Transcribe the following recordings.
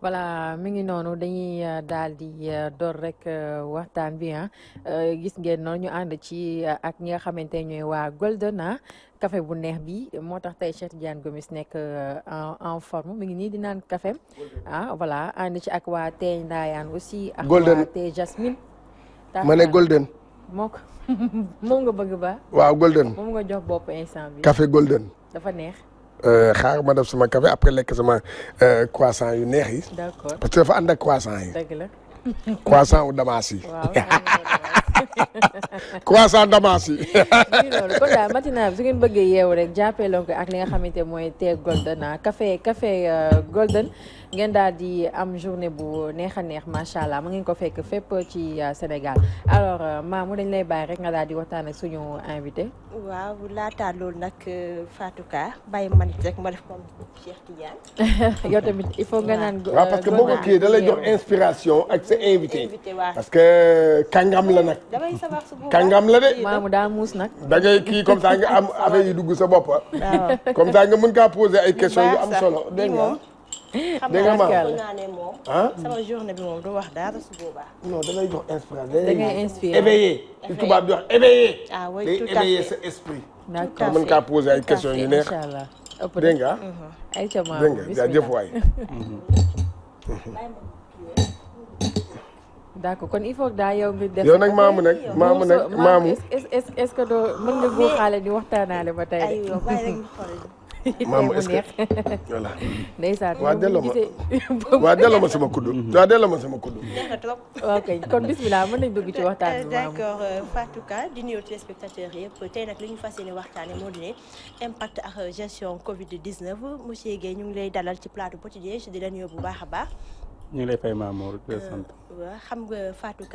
voilà mi ngi noonu dañuy euh, daal di euh, door rek euh, waxtaan bi ah gis ngeen noonu ñu ànd ci ak ñi nga xamante ñooy waa Golden kafe ah, bu neex bi moo tax tey Cheikh Tidiane Gomis nekk en en forme mi ngi nii di naan kafe ah voilà ànd ci ak waa tey Ndaayaan aussi. ak waa tey Jasmine. ma ne Golden. moo ko moom nga bëgg ba. waaw Golden moom nga jox bopp instant bi. café Golden. dafa neex. Euh, xaar ma def sama café après lekk sama euh, croissant yu neex yi. d'accord parce que dafa ànd ak croissant yi. croissant wu damas croissant d'avance yi. loolu kon daal matinale su ngeen bëggee yeewu rek jàppee lon ko ak li nga xamante mooy thé golden ah café café euh, golden ngeen daal di am journée bu neex a neex macha allah mu ngeen ko fekk fépp ci euh, Sénégal alors euh, maamu dañ lay bàyyi rek nga daal di waxtaan ak suñu invité. waaw laataa loolu nag Fatou Ka bàyyi ma nit rek ma def comme Cheikh Tidiane. yow tamit il faut nga naan. waaw parce que boo ko kii da lay jox inspiration ak sa invité. parce damay sabar su boobaa kàngam la de. maamu daa muus nag. da ngay kii comme ça nga am affaire yu dugg sa bopp. waaw comme ça nga mën kaa poser ay questions yu am solo. dégg nga dégg nga maam xam naa ne moom. Ah? sama journée bi moom du wax dara su boobaa. non da ngay jox inspiration. da ngay inspiré éveillé. li tubaab di wax éveillé. ah oui tout à fait day éveillé sa esprit. d'accord nga mën kaa poser ay questions yu neex. incha allah ëpp na dégg nga. ayca maamu bisimilah dégg nga jaajëf waay. Mhm. d'accord kon il faut que daa yow mi def yow nag maamu nag maamu nag maamu est ce que doo mën nga boo xaale di waxtaanaale ba tey maamu est ce que voilà ndeysaan waa delloo ma waa delloo ma sama kuddu waa delloo ma sama kuddu neex na trop waaw kay mën nañ bëgg ci waxtaan bi euh, d'accord euh, Fatou Ka di nuyu téléspectateurs yëpp tey nag li ñu fas yéene waxtaane moo di ne impact ak gestion covid 19 monsieur Guèye ñu ngi lay dalal ci plateau Petit ci di la nuyu bu baax a baax ñu ngi lay fay Mamour Euh, xam nga Fatou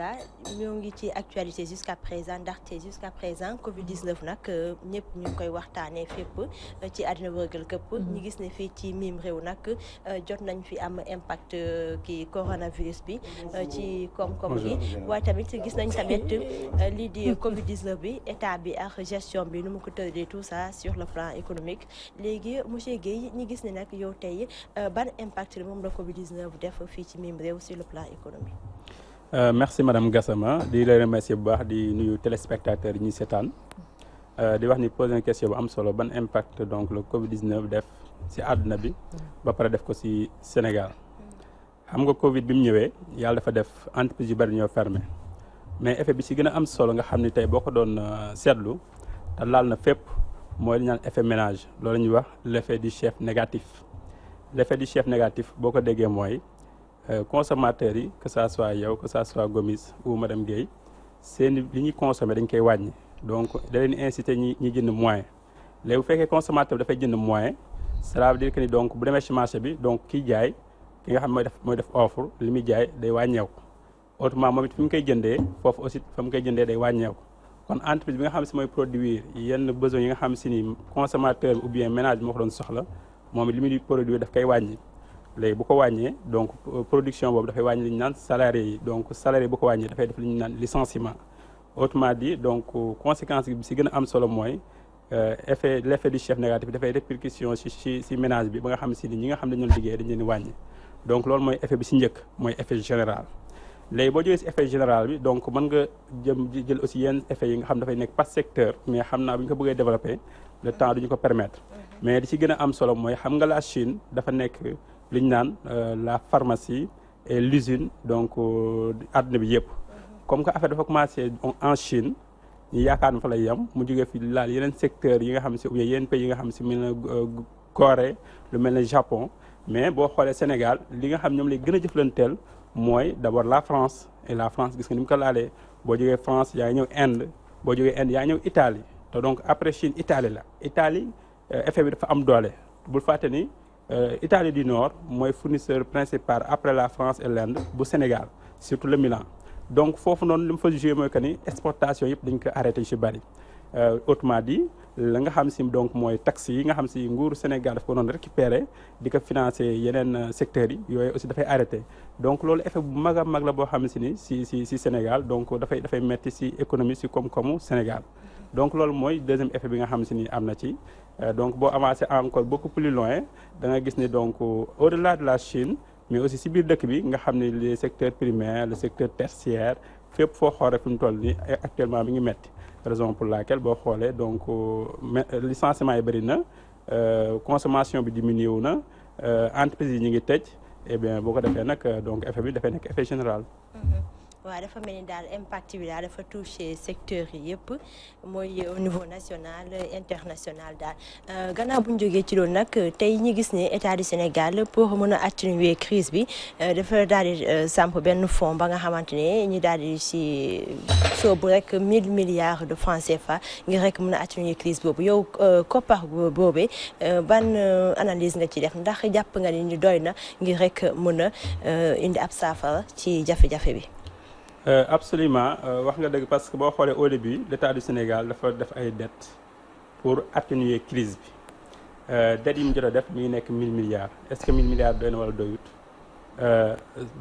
ñoo ngi ci actualité jusqu'à présent ndaxte jusqu'à présent Covid 19 nag euh, ñëpp ñu ngi koy waxtaanee fépp euh, ci àddina wërgal këpp. Mhm. ñu gis ne fii ci mim réew nag jot nañ fi am impact ki coronavirus bi ci koom-koom gi waaye tamit gis nañ tamit lii di mhm. Covid 19 bi état bi ak gestion bi nu mu ko tëddee tout ça sur le plan économique léegi monsieur Guèye ñu gis ne nag yow tey ban impact moom la Covid 19 def fii ci mim réew sur le plan économique. Euh, merci madame Gassama di la remercier bu baax di nuyu téléspectateurs yi ñuy seetaan euh, di wax ni poser une question bu am solo ban impact donc le Covid 19 def ci àdduna bi ba pare def ko ci Sénégal xam nga Covid bi mu ñëwee yàlla dafa def entreprise yu bari ñoo fermé mais effet bi ci gën a am solo nga xam ni tey boo ko doon euh, seetlu te laal na fépp mooy li ñaan effet ménage loolu la ñuy wax l' effet du chef négatif l' effet du chef négatif boo ko déggee mooy. Euh, consommateurs yi que ça soit yow que ça soit Gomis ou dem Guèye seen li ñuy consommer dañ koy wàññi donc da leen incité ñi ñi jënd moyen léegi bu fekkee consommateur bi dafay jënd moyen cela veut dire que ni bu demee ci marché bi donc kiy jaay nga xam mooy def mooy def offre li muy jaay day wàññeeku autrement moom it fi mu koy jëndee foofu aussi fa mu koy jëndee day wàññeeku kon entreprise bi nga xam si mooy produire yenn besoin yi nga xam si ni consommateur ou bien ménage bi moo ko doon soxla moom it li muy produire daf koy wàññi léegi bu ko wàññee donc production boobu dafay wàññi li ñu naan salarié yi donc salarié bu ko wàññee def li ñu naan licenciement autrement dit donc conséquence bi si gën a am solo mooy euh, effet l' effet du chef négatif dafay répercussion si ménage bi ba nga xam si ni ñi nga xam ne ñoo liggéey dañu leen di wàññi donc loolu mooy effet bi si njëkk mooy effet général léegi boo jógee si effet général bi donc mën nga jëm jël aussi yenn effet yi nga xam dafay nekk par secteur mais xam naa bu ñu ko bëggee développé le temps duñu ko permettre mais di si gën a am solo mooy xam nga la Chine dafa nekk li ñu naan euh, la pharmacie et l'usine donc euh, àdduna bi yëpp comme que affaire dafa commencé en Chine ñu yaakaar na fa lay yem mu jógee fi laal yeneen secteur yi nga xam si ou bien yeneen pays yi nga xam si mel na euh, Corée lu mel ne Japon mais boo xoolee Sénégal li nga xam ñoom lay gën a jëflanteel mooy d'abord la France et la France gis nga ni mu ko laalee boo jógee France yaa ñëw Inde boo jógee Inde yaa ñëw Italie te donc après Chine Italie la Italie effet bi dafa am doole bul fàtte Euh, Italie du Nord mooy fournisseur principal après la France et bu Sénégal surtout le Milan donc foofu noonu li mu fa joué mooy que ni exportation yëpp dañ ko arrêté ci bari euh, autrement dit la nga xam si donc mooy taxes yi nga xam si nguur Sénégal daf ko doon récupérer di ko financer yeneen euh, secteurs yi yooyu aussi dafay arrêté donc loolu effet bu mag a mag la boo xam si ni si si si Sénégal donc dafay dafay metti si économie si koom-koomu Sénégal donc loolu mooy deuxième effet bi nga xam si ni am na ci euh, donc boo avancé encore beaucoup plus loin da nga gis ne donc euh, au delà de la Chine mais aussi si biir dëkk bi nga xam ne les secteurs primaires le secteur tertiaire fépp foo xoolee fi mu toll nii eh, actuellement mi ngi metti raison pour laquelle boo xoolee donc euh, licenciement yi bëri na consommation bi mu wu na entreprise yi ñu ngi tëj et eh bien boo ko defee nag donc effet bi dafay nekk effet général. Mm-hmm. waa dafa mel ni daal impact bi daal dafa touché secteur yi yëpp mooy au niveau national international daal euh, gannaaw bu jógee ci loolu nag tey ñi gis ne état du Sénégal pour mën a atténuer crise bi euh, dafa daal di euh, samp benn fonds ba nga xamante ne ñi daal di si bu rek 1000 milliards de français fa ngir rek mën a atténuer crise boobu yow koppar boobee ban analyse nga ci def ndax jàpp nga ni doy na ngir rek mën a indi ab saafara ci jafe-jafe bi. Euh, absolument euh, wax nga dëgg parce que boo xoolee au bi l'état du Sénégal dafa def ay dettes pour atténuer crise bi euh, dettes yi mu jot a def mi ngi nekk mill milliards est-ce que 1000 milliards doy na wala doyut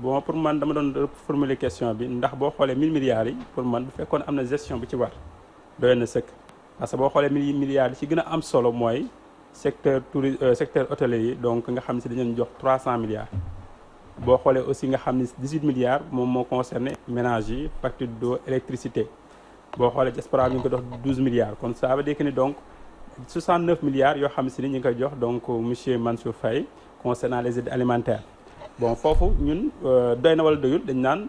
bon pour man dama doon formuler question bi ndax boo xoolee 1000 milliards yi pour man bu fekkoon am na gestion bi ci war doy na sëkk parce que boo xoolee 1000 milliards yi ci gën a am solo mooy secteur tourisme secteur hôtelier yi donc nga xam si dañu jox 300 milliards. boo xoolee aussi nga xam ni 18 milliards moom moo concerné ménages yi facture d'eau électricité boo xoolee diaspora bi ñu ko dox 12 milliards kon ça veut dire que ni donc 69 milliards yoo xam si ni ñu ngi koy jox donc monsieur Mansour Faye concernant les aides alimentaires bon foofu ñun euh, doy na wala doyul dañ naan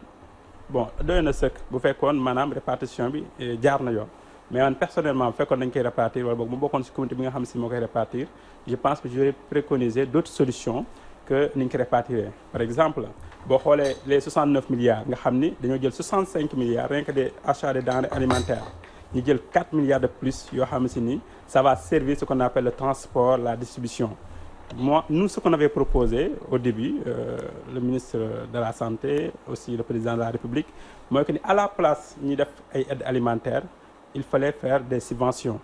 bon doy na sëkk bu fekkoon maanaam répartition bi euh, jaar na yoon mais man personnellement bu fekkoon dañ koy répartir wala boog mu bokkoon bi nga xam si moo koy répartir je pense que que ni ñu ko répartir par exemple boo xoolee les 69 milliards nga xam ni dañoo jël 65 milliards rien que des achats de denrées alimentaires ñu jël 4 milliards de plus yoo xam si ni ça va servir ce qu'on appelle le transport la distribution moi nous ce qu'on avait proposé au début euh, le ministre de la santé aussi le président de la république mooy que ni à la place ñuy def ay aides alimentaires il fallait faire des subventions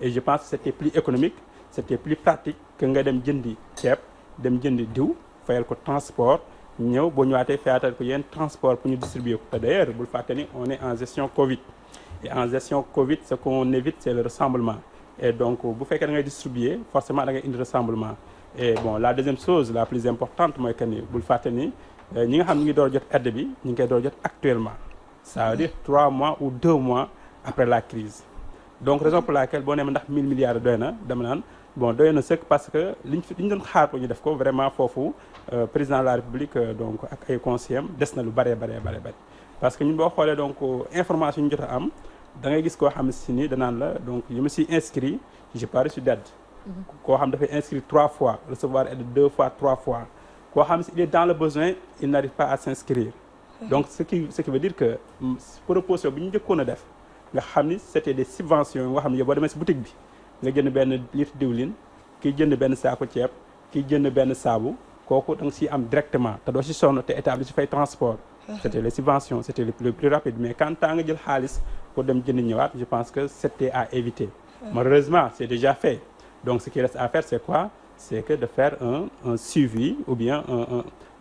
et je pense que c'était plus économique c'était plus pratique que nga dem jëndi ceeb dem jënd diw fayal ko transport ñëw boo ñëwaatee fayatal ko yenn transport pour ñu distribuer ko te d'ailleurs bul fàtte ni on est en gestion Covid et en gestion Covid ce qu'on évite c'est le rassemblement et donc bu fekkee da ngay distribuer forcément da ngay indi et bon la deuxième chose la plus importante mooy que ni bul te ni euh, ñi nga xam ñu ngi door jot aide bi ñu ngi koy door jot actuellement ça veut dire trois mois ou deux mois après la crise donc raison ndax 1000 milliards doy na dama naan bon doy na sëkk parce que li fi liñ doon xaar ko ñu def ko vraiment foofu euh, président de la république euh, donc ak ay conseillers des na lu bëree bëree bëri parce que ñu boo xoolee donc euh, information ñu jot a am da ngay gis koo xam si ni danaan la donc je me si inscrit j'ai pas reçu d'aide mm-hmm. koo xam dafay inscrit trois fois recevoir aide deux fois trois fois koo xam si il est dans le besoin il n'arrive pas à s'inscrire donc ce qui ce qui veut dire que mm, proposition bi ñu njëkkoon a def nga xam ni c'était des subventions yoo xam ne si boutique bi nga jënd benn litre diwlin kii jën benn saako ceeb kii jënd benn saabu kooku da nga siy am directement te doo si sonn te état bi si fay transport. c' était les subventions c' était le plus, le mais quand temps nga jël xaalis pour dem jënd ñëwaat je pense que c' était à éviter. malheureusement c' est déjà fait donc ce qui reste à faire c' est quoi c' que de faire un un suivi ou bien un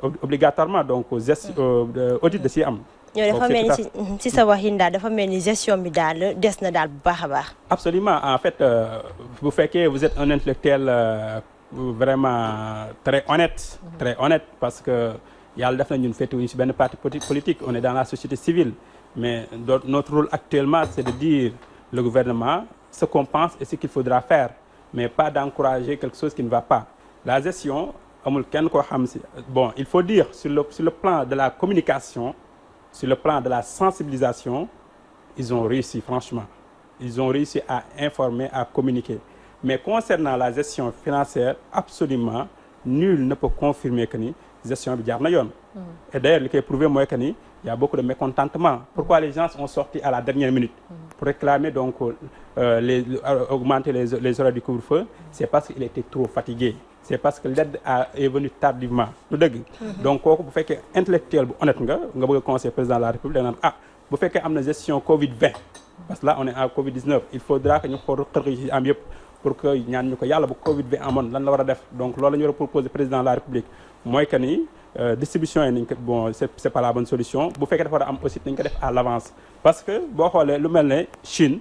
un obligatoirement donc geste euh, audit da siy am. yo dafa mel ni si sa waxin daal ni gestion bi daal des na daal bu baax a baax absolument en fait euh, bu fekkee vous êtes un intellectuel euh, vraiment très honnête mhm. très honnête parce que yàlla def na ñun féetewuñu si benn parti politique on est dans la société civile mais notre rôle actuellement c'est de dire le gouvernement ce qu'on pense et ce qu'il faudra faire mais pas d'encourager quelque chose qui ne va pas la gestion amul kenn koo xam si bon il faut dire sur le sur le plan de la communication sur le plan de la sensibilisation ils ont réussi franchement ils ont réussi à informer à communiquer mais concernant la gestion financière absolument nul ne peut confirmer que ni gestion bi jaar na yoon mm. et d'ailleurs li koy prouver que ni y a beaucoup de mécontentement pourquoi les gens sont sortis à la dernière minute mm. pour réclamer donc euh, les euh, augmenter du couvre-feu c'est parce qu'ils étaient trop fatigués c'est parce que l'aide a est venue tardivement du dëgg mhm. donc kooku bu fekkee intellectuel bu honnête nga nga bëgg conseil président de la république da nga naan ah bu fekkee am na gestion covid 20 parce que là on est en covid 19 il faudra que ñu xool xërxi ci am yëpp pour que ñaan ñu ko yàlla bu covid 20 amoon la war a def donc loolu ñu war a président de la république mooy que ni euh, distribution yi nañ ko bon c'est c'est pas la bonne solution bu fekkee dafa war a am aussi nañ ko def à xoolee lu mel ne Chine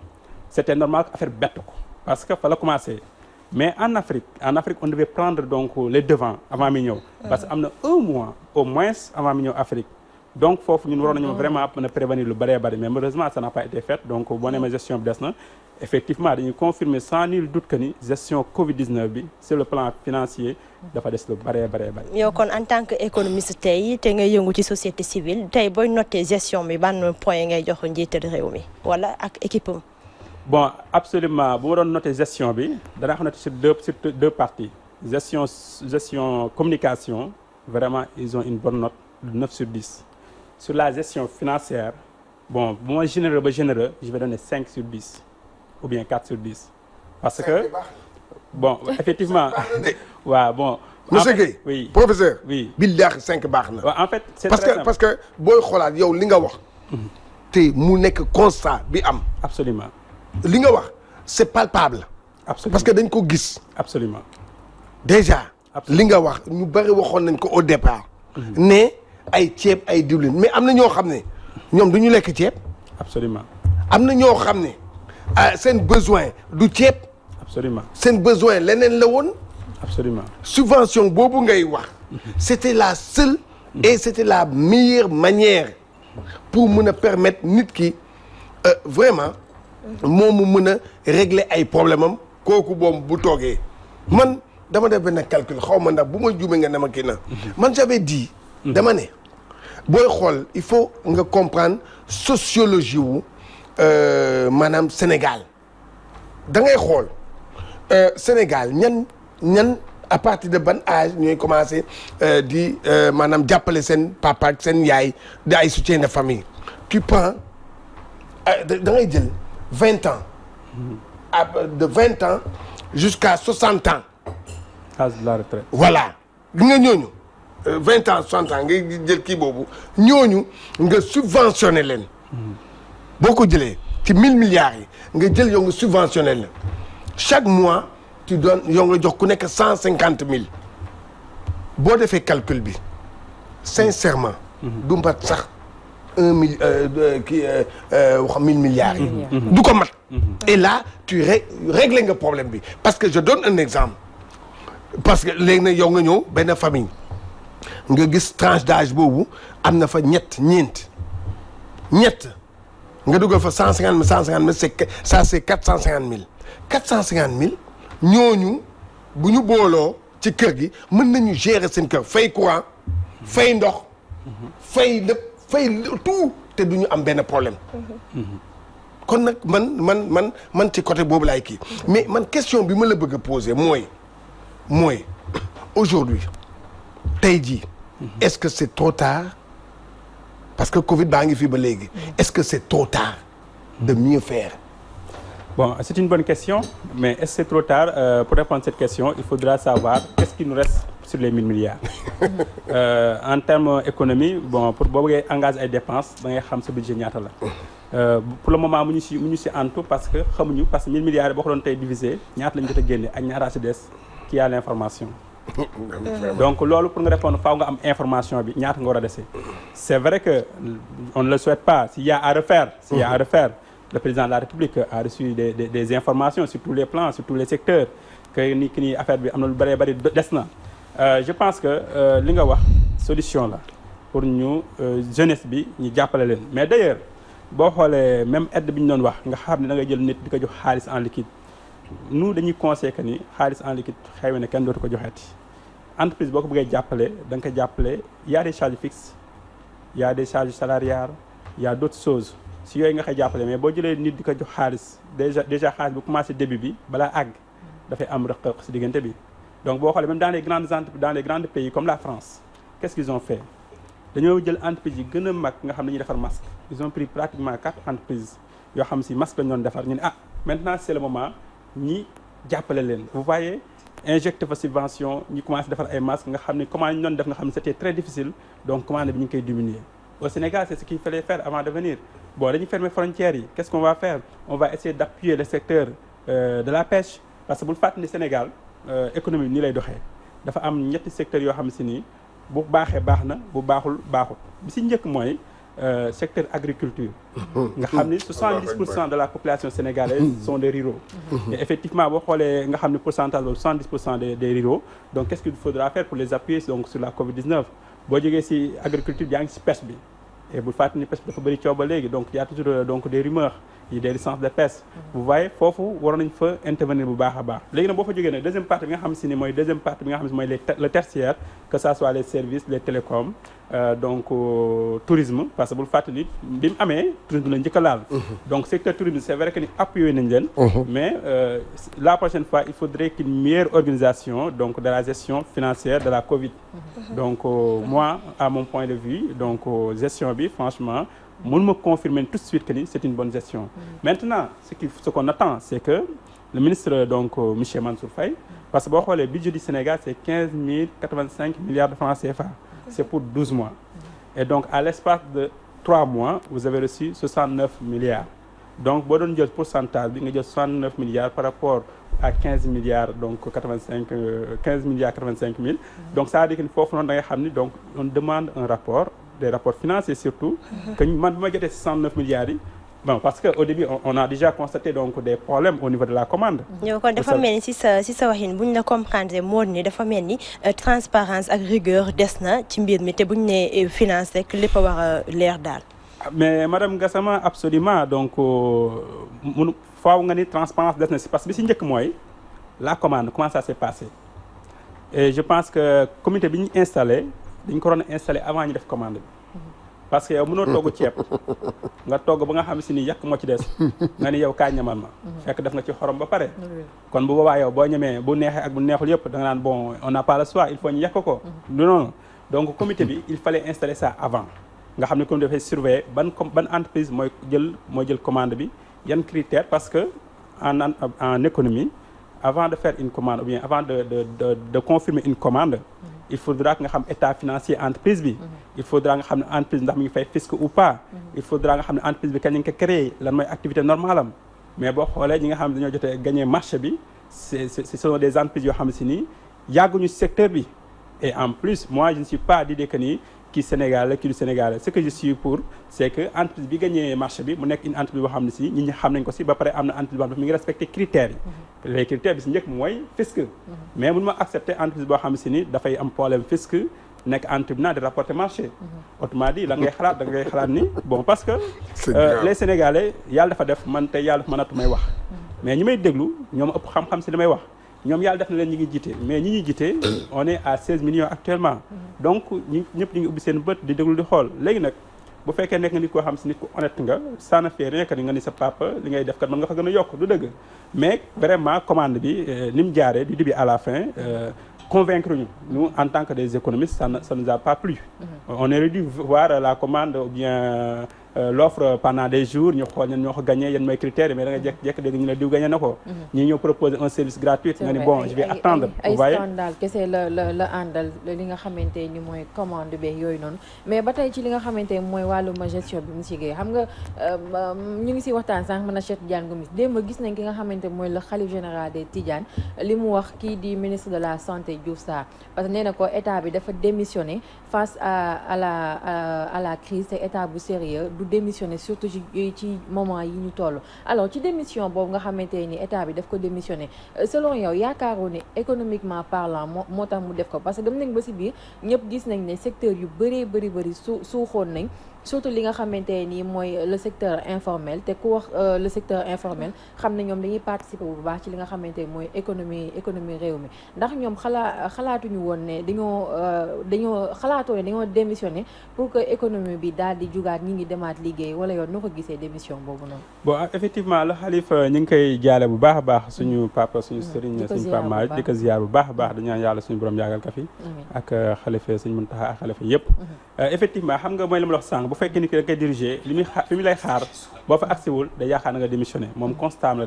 c'était normal que affaire bett ko parce que fa la commencé mais en Afrique en Afrique on devait prendre donc les devants avant mi ñëw. parce que am na un mois au moins avant mi ñëw Afrique. donc foofu ñun waroon nañu vraiment mën a prévenir lu bëree bëri mais malheureusement ça n'a pas été fait donc boo nee ma gestion bi des na effectivement dañuy confirmer sans nul doute que ni gestion Covid bi sur le plan financier dafa des lu bëree bëree bëri. yow kon en tant que économiste tey te ngay yëngu ci société civile tey booy noter gestion bi ban point ngay jox njiital réew mi wala ak équipe am bon absolument bu ma doon noter gestion bi danaa xam ne sur deux parti deux parties gestion gestion communication vraiment ils ont une bonne note de 9 sur 10 sur la gestion financière bon bu ma généreux ba généreux je vais donner 5 sur 10 ou bien sur 10 parce que bon effectivement waaw bon monsieur Guèye oui professeur oui billaahi 5 baax na waaw en fait c'est parce que parce que booy xoolaat yow li nga wax mhm. te mu nekk constat bi am absolument li nga wax c'est palpable. Absolument. parce que dañ ko gis. absolument déjà. li nga wax ñu bari waxoon nañ ko au départ. Mhm. ne ay ceeb ay diwlin mais am na ñoo xam ne ñoom dañu ñu lekk ceeb. absolument am na ñoo xam ne ah, seen besoin du ceeb. absolument seen besoin leneen la woon. absolument subvention boobu ngay wax. Mhm. c'était la seule. et mhm. c'était la meilleure manière pour mun a permettre nit ki euh, vraiment. moom mu mën a régler ay problème am kooku boom bu toogee man dama def benn calcul xaw ma ndax bu ma juumee nga ne ma na man j'avais dit dama ne booy xool il faut nga comprendre sociologie wu euh, maanaam Sénégal da ngay xool euh, Sénégal ñan ñan à partir de ban âge ñooy commencé euh, di maanaam jàppale seen papa seen yaay di ay soutien de famille tu prends dangay ngay jël vingt ans à de vingt ans jusqu'à soixante ans âge de voilà li nga ñooñu euh, vingt ans soixante ans nga jël kii boobu ñooñu nga subventionné leen boo ko jëlee ci mille milliards yi nga jël yow nga subventionné leen chaque mois tu donnes yow nga jox ku nekk cent cinquante mille boo defee calcul bi sincèrement du mbat sax un euh, euh, euh, mille kii wax yi. du ko mat. Mm-hmm. Mm-hmm. et la tu ré réglé nga problème bi parce que je donne un exemple parce que léegi nag yow nga ñëw benn famille nga gis tranche d'âge boobu am na fa ñett ñeent ñett nga dugal fa cent cinquante mille cent cinquante mille c'est ça c'est quatre cent cinquante mille quatre cent cinquante mille ñooñu bu ñu booloo ci kër gi mën nañu gere seen kër fay courant fay ndox mm-hmm. fay lépp. fay tout te du ñu am benn problème. kon nag man man man man ci côté boobu laay kii mais man question bi ma la bëgg a poser mooy mooy aujourd'hui tey jii. est-ce que c'est trop tard parce que Covid baa ngi fii ba léegi est-ce que c'est trop tard de mieux faire. Bon, c'est une bonne question, mais est-ce que c'est trop tard? Euh, pour répondre cette question, il faudra savoir qu'est-ce qui nous reste sur les 1000 milliards. Euh, en terme économie bon pour boo bëggee engagé ay dépenses da ngay xam sa budget ñaata la. Euh, pour le moment mu ñu si mu ñu si parce que xamuñu parce que 1000 milliards boo ko doon tey divisé ñaata lañ jot a génne ak ñaata si des qui a l' information. donc loolu pour nga répondre faaw nga am information bi ñaata nga war a dese. c' est que on ne le souhaite pas s'il y a à refaire. s'il y à refaire le président de la république a reçu des informations sur tous les plans sur tous les secteurs ki ni affaire bi am na lu bëree bëri des na. Euh, je pense que euh, li nga wax solution la pour ñu euh, jeunesse bi ñu jàppale leen mais d'ailleurs boo xoolee même aide bi ñu doon wax nga xam ne da ngay jël nit di ko jox xaalis en liquide dañuy conseillé ni xaalis en liquide na kenn dootu ko joxeeti entreprise boo ko bëggee jàppale da nga ko jàppale y a des charges fixes y a des charges salariales y a si yooyu nga koy jàppale mais boo jëlee nit di ko jox xaalis déjà déjà xaalis bu commencé début bi balaa àgg dafay am rëq si diggante bi donc boo xoolee même dans les grandes entreprises dans les grands pays comme la France qu'est-ce qu'ils ont fait dañoo jël entreprise yi gën a mag nga xam ne ñuy defar masque ils ont pris pratiquement quatre entreprises yoo xam si masque lañ doon defar ñu ne ah maintenant c'est le moment ñi jàppale leen vous voyez injecte fa subvention ñu commencé defar ay masques nga xam ne commande ñu doon def nga xam ne c'était très difficile donc commande bi ñu koy diminuer au Sénégal c'est ce qu'il fallait faire avant de venir bon dañuy fermer frontières yi qu'est-ce qu'on euh, Sénégal Euh, économie bi nii lay doxee dafa am ñetti secteurs yoo xam si ni bu baaxee baax na bu baaxul baaxul bi si njëkk mooy euh, secteur agriculture. nga xam ni 70 pour cent de la population sénégalaise sont des ruraux. mais effectivement boo xoolee nga xam ni pourcentage boobu 70 pour cent des des ruraux donc qu'est-ce qu'il faudra faire pour les appuyer donc sur la Covid 19 boo jógee si agriculture yaa ngi si pes bi. Et vous faites une pêche de léegi donc il a toujours euh, donc, des rumeurs, il y a des licences de pêche. Vous voyez, il intervenir bu baax a baax. Léegi nag boo fa jógee nag deuxième partie bi nga xam si ni mooy deuxième partie bi nga xam si mooy le tertiaire que ça soit les services les télécoms euh, donc euh, tourisme parce que bul fàttali bi mu amee tourisme la njëkk laal. Mhm. donc secteur tourisme c' est que ni appuyé nañ leen. Mhm. mais la prochaine fois il faudrait bi franchement mënuma confirmer tout de suite que ni c'est une bonne gestion mm. maintenant ce qu'on attend c'est que le ministre donc euh, monsieur Mansour mm. parce que boo xoolee budget du Sénégal c'est milliards de francs CFA mm. c'est pour mois et donc à l'espace de trois mois vous avez reçu milliards donc boo doon jël pourcentage bi nga jël milliards par rapport à milliards donc quatre euh, dire que foofu noonu da ngay xam ni donc on demande un rapport des rapports financiers surtout mhm. que man bi ma jotee 69 milliards yi bon parce que au début on a déjà constaté donc des problèmes au niveau de la commande. ñoo kon dafa mel ni si sa waxin bu ñu la comprendre moo ni dafa mel ni euh, transparence ak rigueur des na ci mbir mi te bu ñu nee euh, finance rek lépp a war a leer daal. mais madame Gassama absolument donc euh, mun faaw nga ni transparence des na si parce que bi si njëkk mooy la commande comment ça s'est passé et je pense que comité bi ñu installé. dañ ko doon installé avant ñu def commande bi parce que yow mënoo togg ceeb nga togg ba nga xam si ni yàq moo ci des nga ni yow kaa ñamal ma fekk def nga ci xorom ba pare kon bu boobaa yow boo ñemee bu neexee ak bu neexul yëpp da nga naan bon on n'a pas le il faut ñu yàq ko du noonu donc comité bi il fallait installer ça avant nga xam ne comme dafay surveiller ban ban entreprise mooy jël mooy jël commande bi yan critère parce que en en économie avant de faire une commande ou bien avant de de de confirmer une il faudra nga xam état financier entreprise bi mhm. il faudra nga xam ne entreprise ndax mi ngi fay fisc ou pas mhm. il faudra nga xam ne entreprise bi kañ lañ ko lan mooy activité normale am mais boo xoolee ñi nga xam ne dañoo jotee gagné marché bi c'est ce sont des entreprises yoo xam si ni yàgguñu secteur bi et en plus moi je ne suis pas di que nii kii Sénégal la kii du Sénégal ce que je suis pour c' que entreprise bi gagné marché bi mu nekk une entreprise boo xam ne si nit ñi xam nañ ko si ba pare am na entreprise boo xam mhm. si mhm. ma accepté entreprise boo ni dafay am problème fisc nekk entrepreneur de rapporter marché mhm. autrement la ngay xalaat da ngay xalaat ni bon parce que euh, les sénégalais yàlla dafa def man tey yàlla dafa ma nattu may wax mais ñi may déglu ñoom ëpp xam-xam si li wax ñoom yàlla def na leen ñi ngi jiite mais ñi ñuy jiite on est à 16 millions actuellement mm-hmm. donc ñi ñëpp ñi ngi ubbi seen bët di déglu di xool léegi nag bu fekkee nekk nga nit koo xam si nit ku honnête nga ça ne fait rien ni nga ni sa papa li ngay def kat mën nga fa gën a yokk du dëgg mais vraiment commande bi euh, ni mu jaaree du début à la fin euh, convaincre ñu nous en tant que des économistes ça ça nous a pas plu mm-hmm. on aurait dû voir la commande ou bien Euh, l'offre euh, pendant des jours ñu xool ñen ñoo ko gagné yéen mooy critères yi mais da diw gagné na ko mhm. ñi ñoo proposer un service gratuit nga ni bon je vais attendre vous li nga xamante ni mooy commande bi yooyu noonu mais ba tey ci li nga xamante ni mooy wàllum gestion bi monsieur Guèye xam nga euh, ñu ngi si waxtaan sànq mën a Cheikh Tidiane Gomis démb gis nañ ki nga xamante mooy le xalif général des Tidiane li mu wax kii di ministre de la santé Diouf Sarr parce que nee na ko état bi dafa démissionné face à à la à la crise te bu sérieux bu démissionné surtout ci ci moment yi ñu toll alors ci démission boobu nga xamante ni état bi daf ko démissionné euh, selon yow yaakaaroo ne économiquement parlant moo tax mu def ko parce que dem nañ ba si biir ñëpp gis nañ ne secteur yu bëree bëri bëri su suuxoon nañ surtout li nga xamante nii mooy le secteur informel te ku wax euh, le secteur informel xam na ñoom dañuy participer bu baax ci li nga xamante ni mooy économie économie réew mi ndax ñoom xalaa xalaatuñu woon ne dañoo euh, dañoo xalaatoo ne dañoo démissionné pour amaat liggéey wala yow noo ko gisee démission boobu noonu. bon effectivement la xalifa ñu ngi jaale bu baax a baax suñu mm. papa suñu mm. sëriñ suñu papa maaj a baax di ñaan yàlla suñu borom yàggal euh, mm-hmm. euh, nga mooy li ma bu fekkee ni ki da koy diriger li muy fi mu lay xaar boo fa agsiwul mm-hmm. mm-hmm.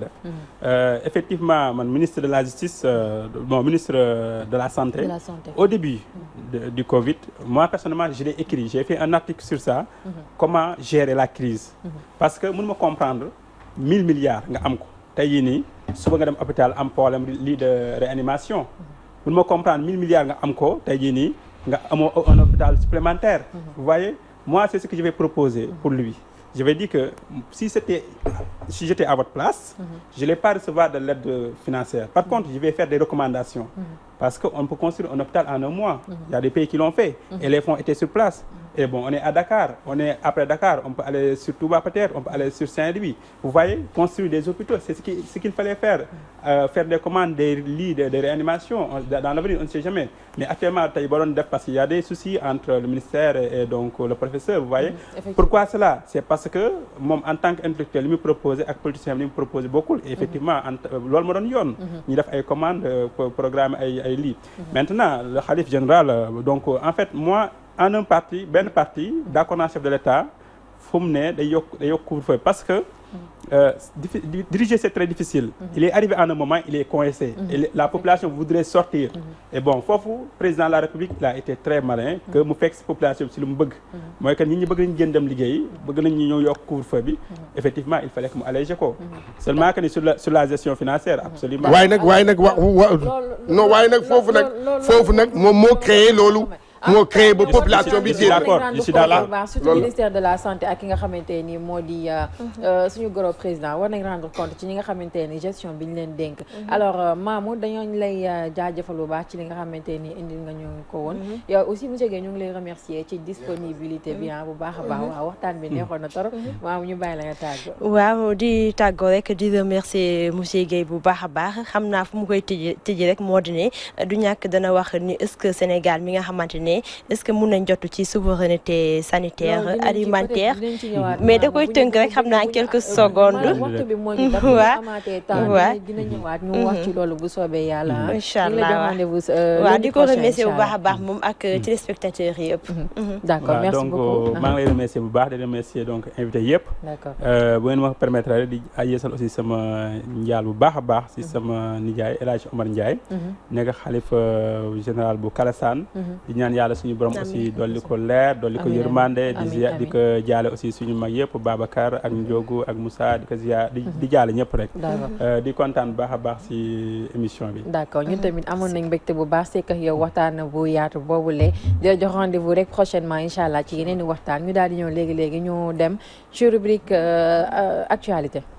euh, de la justice bon ministre de la santé au début du Covid moi personnellement je l'ai gérer la crise mhm. parce que mënuma comprendre mille milliards nga am ko tey jii nga dem hôpital am problème lii de réanimation mhm. mënuma comprendre mille milliards nga am ko tey nga amoo un hôpital supplémentaire mhm. vous voyez moi c'est ce que je vais proposer pour lui je vais dire que si c'était à votre place je n'allais pas recevoir de l'aide financière par contre je vais faire des recommandations parce que on peut construire un hôpital en un mois il a des pays qui Et bon, on est à Dakar, on est après Dakar, on peut aller sur Touba on peut aller sur Saint-Louis. Vous voyez, construire des hôpitaux, c'est ce qu'il fallait euh, faire. des commandes, des lits dans l'avenir, on ne jamais. Mais actuellement, tey boo def parce qu'il des soucis entre le ministère et le professeur, vous voyez. pourquoi cela? C'est parce que moom en tant qu'intellectuel li mu proposé effectivement mhm. loolu ma doon yoon. Mhm. def ay commandes euh, en parti benn parti d'accord naa chef de l'État fu mu ne day yokk day yokk couvre-feu parce que euh, diriger c'est très difficile il est arrivé en un moment il est coincé et la population voudrait sortir et bon foofu président de la République il a été très malin que mu fekk population si lu mu bëgg mooy que nit ñi bëgg nañu génn dem liggéey bëgg nañ ñu ñëw yokk couvre-feu bi effectivement il fallait que mu alléger ko seulement que ni sur la sur la gestion financière absolument waaye nag waaye nag wa wa non waaye nag foofu nag foofu nag moom moo créé loolu moo créé ba la santé ak ki nga xamante ni moo di euh, mhm. euh, suñu goro président war nañ rendre compte ci ñi nga xamante ni gestion bi ñu leen dénk mhm. alors euh, Mamou dañoo lay jaajëfal bu baax ci li nga xamante ni indil nga ko woon mhm. yow aussi monsieur Guèye ñu ngi lay remercier ci disponibilité bi ah, bu baax a baax waaw bi neexoon na trop Mamou ñu bàyyi la nga tàggoo waaw di tàggoo rek di remercier monsieur Guèye bu baax a baax xam naa fu mu koy tëjee tëjee rek moo di ne du ñàkk dana wax ni est-ce que Sénégal mi nga xamante ni ne est-ce que mun nañ jotu ci souveraineté sanitaire alimentaire mais da koy tënk rek xam naa quelques secondes waaw waaw dina bu soobee yàlla mm-hmm. incha allah waaw euh, di ko remercier bu baax a baax moom ak mm-hmm. téléspectateurs yi yëpp mm-hmm. d'accord merci beaucoup donc euh, lay uh-huh. remercier bu baax di remercier donc invité yëpp euh, bu ngeen ma permettre rek di yeesal aussi sama njaal bu baax a baax si uh-huh. sama nijaay El Omar Ndiaye nekk xalifa général bu Kalasaan di ñaan yàlla suñu borom aussi dolli ko leer dolli ko yërmande di di ko jaale aussi suñu mag yëpp Babacar ak Ndiogu ak Moussa di ko ziar di mhm. jaale ñëpp rek euh, di kontaan baax a baax si émission bi d'accord ñun mhm. tamit amoon nañ mbégte bu baax seek ak yow waxtaan bu yaatu boobu lee di jox rendez-vous rek prochainement incha allah ci yeneen i waxtaan ñu daal di ñëw léegi-léegi ñu dem ci rubrique euh, euh, actualité